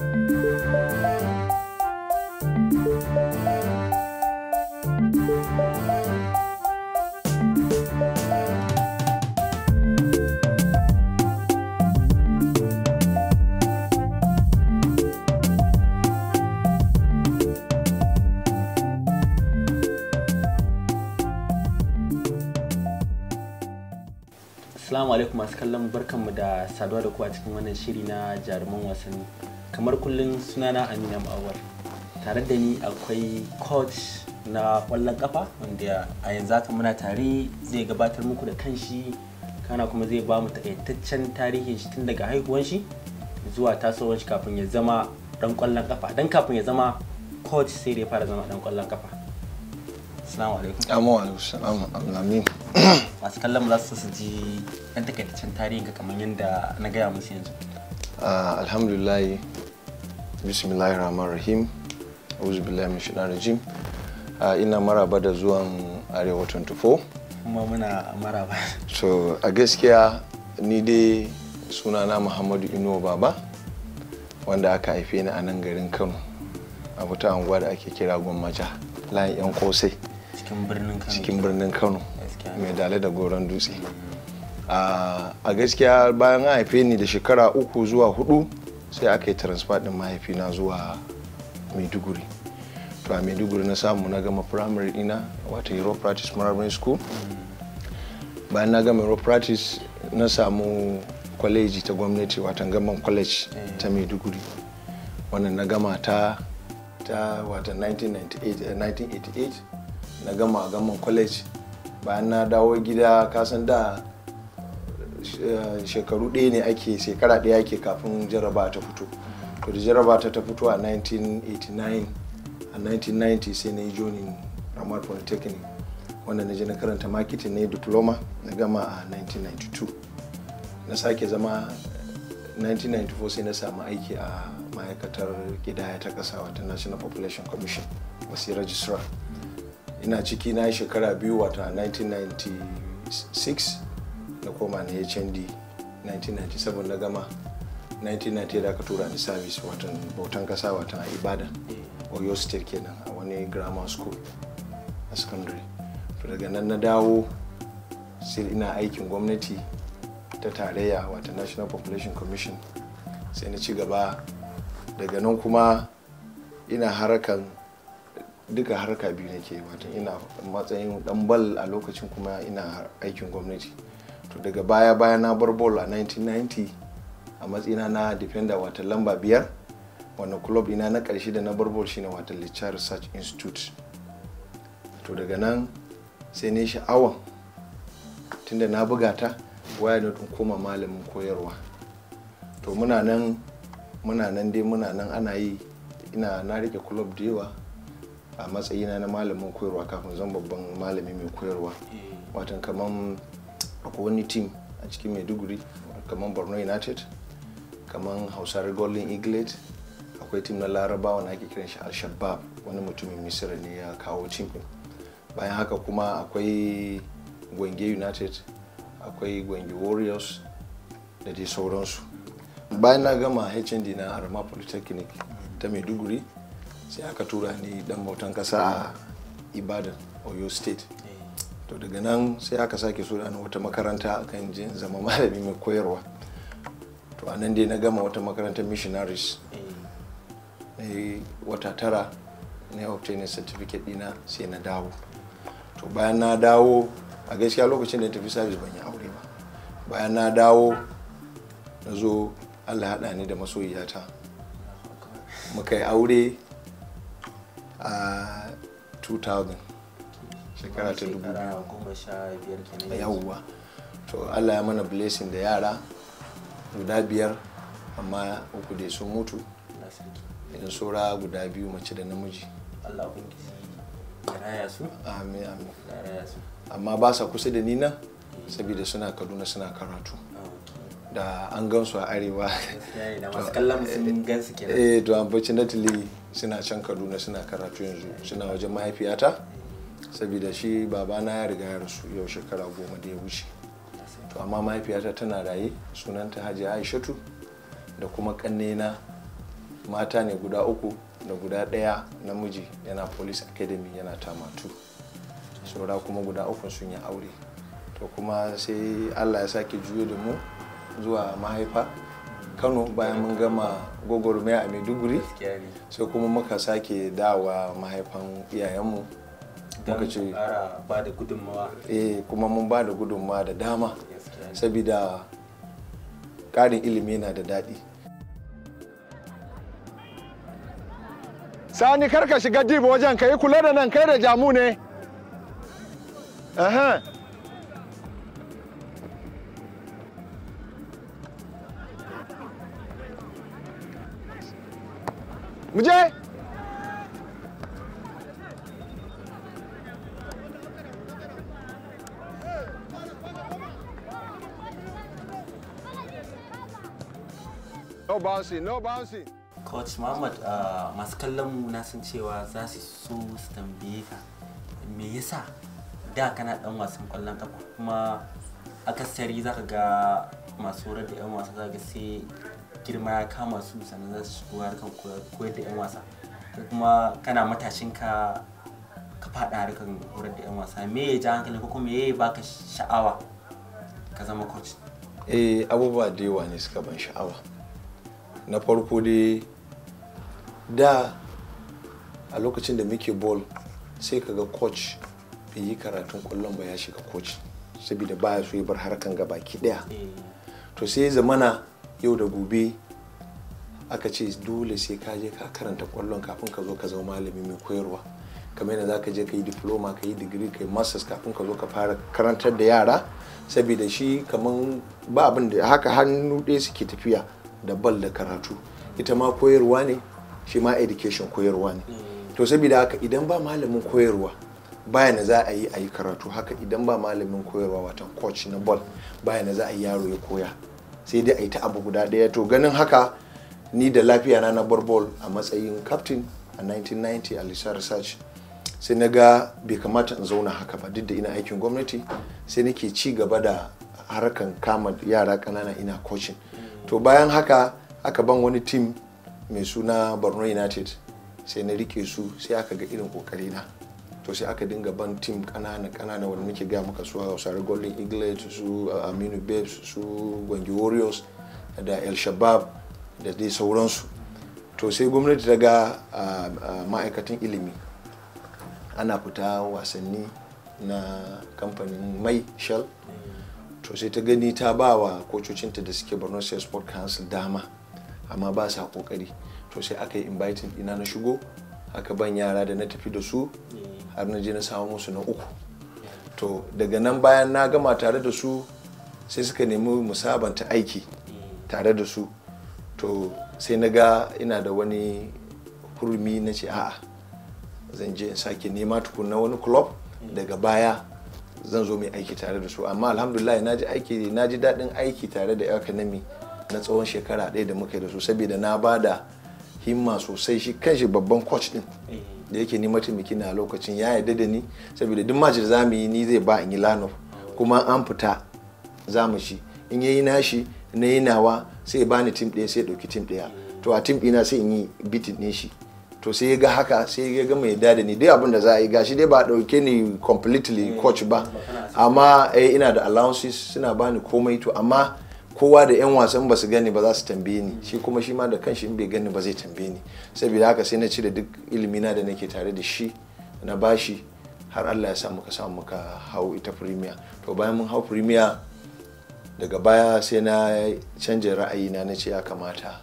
Assalamu alaikum masu kallon barkanmu da saduwa da kuwa cikin wannan shiri na jaruman wasanni. kamar kullum sunana amina ma'awar tare da ni akwai coach na kwallon kafa wanda a yanzu haka muna tare zai gabatar muku da kanshi kana kuma zai ba mu takaitaccen tarihin shi tun daga haihuwan shi zuwa tasowar shi kafin ya zama dan kwallon kafa dan kafin ya zama coach sai da ya fara zama dan kwallon kafa assalamu alaikum amma wa alaikum salam alamin masu kallon mu za su ji dan takaitaccen tarihin ka kamar yadda na gaya musu yanzu ah, alhamdulillah bismillahirrahmanirrahim auzu billahi min shaitanir rajim ah, ina maraba da zuwan arewa 24 kuma muna maraba so a gaskiya ni dai sunana muhammadu inuwa baba wanda aka haife ni a nan garin kano a wata anguwa da ake kira gwammaja layin yan kosai cikin birnin kano mai dale da goron dutse ah, a gaskiya bayan haife ni da shekara uku zuwa hudu sai aka yi transfer din mahaifina zuwa maiduguri to a maiduguri na samu na gama primary ina wata euro practice primary school bayan na gama euro practice na samu kwaleji ta gwamnati watan gaman college ta eh. maiduguri wannan na gama ta ta watan 1988 eh, na gama gaman college bayan na dawo gida kasan da shekaru ɗaya ne ake shekara ɗaya ake kafin jaraba ta fito to da jaraba ta ta fito a 1989 a 1990 sai na yi jonin ramar polytechnic wanda na je na karanta marketing na yi diploma na gama a 1992 na sake zama 1994 sai na samu aiki a ma'aikatar gidaya ta ƙasa wata national population commission wasu registrar ina ciki na shekara biyu wata 1996 na koma na ya canji 1997 na gama 1990 da aka tura ni service watan bautan kasa watan a ibadan eh. oyo state kenan a wani grammar school a secondary to daga nan na dawo sai ina aikin gwamnati ta tarayya wata national population commission sai na ci gaba daga nan kuma ina harakan duka harka biyu nake wata ina matsayin dan bal a lokacin kuma ina aikin gwamnati to daga baya baya na bar ball a 1990 a matsina na defender wata lamba biyar wani club ina na karshe da na bar ball shine wata lichar research institute to daga nan sai ne sha'awan tunda na buga ta waya na koma malamin koyarwa to muna nan muna nan dai muna nan ana yi ina na rike club da yawa a matsayina na malamin koyarwa kafin zan babban malami mai koyarwa eh. watan kaman akwai wani team a cikin maiduguri kamar borno united kamar hausar golden eaglet akwai tim na larabawa na ake kiran shi al-shabab wani mutumin misira ne ya kawo tim din bayan haka kuma akwai gwange united akwai gwange warriors da dai sauransu bayan na gama hnd na arma polytechnic ta maiduguri sai aka tura ni dan bautan kasa a ibadan oyo state to daga nan sai aka sake so na wata makaranta kan jin zama malami mai koyarwa to a nan dai na gama wata makarantar missionaries na wata tara na obtain certificate dina sai na dawo to bayan na dawo a gaskiya lokacin da tafi service ban yi aure ba bayan na dawo na zo allah haɗa ni da masoyiyata muka yi aure a 2000 shekara ta dubu biyu yawwa to allah ya mana blessing da yara guda biyar amma uku dai sun mutu in saura guda biyu mace da namiji allah raya su amin amin su amma ba sa kusa da ni nan saboda suna kaduna suna karatu ah, da an gansu a arewa eh, eh to unfortunately suna can kaduna suna karatu yanzu suna wajen mahaifiyata saboda shi babana ya riga ya rasu yau shekara goma da ya wuce to amma mahaifiyata tana raye sunanta hajiya aishatu da kuma kannena mata ne guda uku da guda ɗaya namiji yana police academy yana tamatu saura kuma guda uku sun yi aure to kuma sai allah ya sake juyo da mu zuwa mahaifa kano bayan mun gama gwagwarmaya a maiduguri sai kuma muka sake dawa mahaifan iyayenmu muka ce eh kuma mun ba da gudunmawa da dama saboda ƙarin ilimi na da daɗi sani karka shiga dib wajen ka kula da nan kai da jamu ne Mujer! No bouncing, no bouncing. Coach Muhammad ah, masu kallon mu na san cewa za su so su tambaye ka me yasa da kana dan wasan kwallon kafa kuma akasari za ka ga masu horar da 'yan wasa za ka sai girma ya kama su sannan za su shigo harkar koyar da 'yan wasa kuma kana matashin ka ka faɗa harkar horar da 'yan wasa me ya ja hankali ko kuma me ya baka sha'awa ka zama coach eh abubuwa da yawa ne suka ban sha'awa na farko dai da a lokacin da muke ball sai ka ga coach bai yi karatun kwallon ba ya shiga coach saboda ya so ya bar harkan gaba ki daya mm. to sai zamana yau da gobe aka ce dole sai ka je ka karanta kwallon kafin ka zo ka zama malami mai koyarwa kamar yadda za je ka yi diploma ka yi digiri ka yi masters kafin ka zo ka fara karantar da yara saboda shi kamar ba abin da haka hannu ɗaya suke tafiya da bal da karatu ita ma koyarwa ne shi ma education koyarwa ne to saboda haka idan ba malamin koyarwa bayan za a yi a yi karatu haka idan ba malamin koyarwa watan coach na ball bayan za a yi yaro ya koya sai dai a yi ta abu guda daya to ganin haka ni da lafiya na na bar ball a matsayin captain a 1990 a lisa research sai na ga bai kamata in zauna haka ba duk da ina aikin gwamnati sai nake ci gaba da harkan kama yara ƙanana ina coaching to bayan haka aka ban wani tim mai suna borno united sai na rike su sai aka ga irin kokari na to sai aka dinga ban tim kanana kanana wanda nake ga maka su hausare golden eagles su uh, aminu babes su gwangi warriors da el shabab da dai sauransu to sai gwamnati ta ga uh, uh, ma'aikatan ilimi ana fita wasanni na kamfanin mai shell to sai ta gani ta ba wa kococinta da suke borno state sport council dama amma ba sa kokari to sai aka yi inviting ina na shigo aka ban yara da na tafi da su har na je na samu musu na uku to daga nan bayan na gama tare da su sai suka nemi musabanta aiki tare da su to sai na ga ina da wani hurmi na ce a'a zan je in sake nema tukunna wani club daga baya zan zo mai aiki tare da su amma alhamdulillah na ji aiki na ji daɗin aiki tare da nami na tsawon shekara ɗaya da muka yi da su saboda na ba da himma sosai shi kanshi babban coach din da yake ni mataimaki na lokacin ya yarda da ni saboda duk match da za mu yi ni zai ba in yi lano kuma an fita za mu shi in yayi nashi na yi nawa sai ya bani tim ɗaya sai ya ɗauki tim ɗaya to a tim ɗina sai in yi bitin ɗin shi to sai ya ga haka sai ya ga mai da ni dai abin da za a yi gashi dai ba a ɗauke ni completely eh, coach ba amma eh, ina da allowances suna bani komai to amma kowa da 'yan wasan ba su gani ba za su tambaye ni shi kuma shi ma da kanshi in bai gani ba zai tambaye ni saboda haka sai na ci da duk ilimi na da nake tare da shi na bashi har Allah ya sa muka samu muka hau ita premier to bayan mun hau premier daga baya sai na canja ra'ayi na ce ya kamata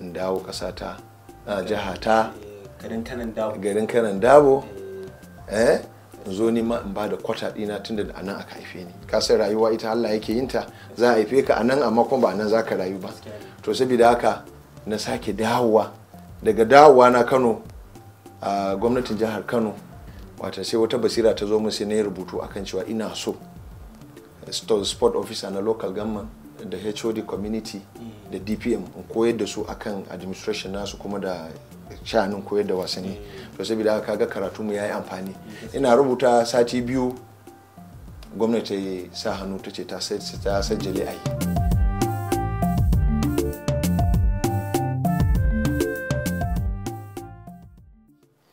in dawo kasata a jiha ta garin kanan dabo eh zo ni ma in bada kwata dina tunda da anan aka haife ni ka san rayuwa ita Allah yake yin ta za a haife ka anan amma kuma ba anan zaka rayu ba to saboda haka na sake dawowa daga dawowa na Kano a gwamnatin jihar Kano wata sai wata basira ta zo mun sai na rubutu akan cewa ina so sport officer na local government da hod community da dpm in koyar da su akan administration nasu kuma da sha'anin koyar da wasanni to saboda haka ga karatu mu yayi amfani ina rubuta sati biyu gwamnati sa hannu ta ce ta sajjale a yi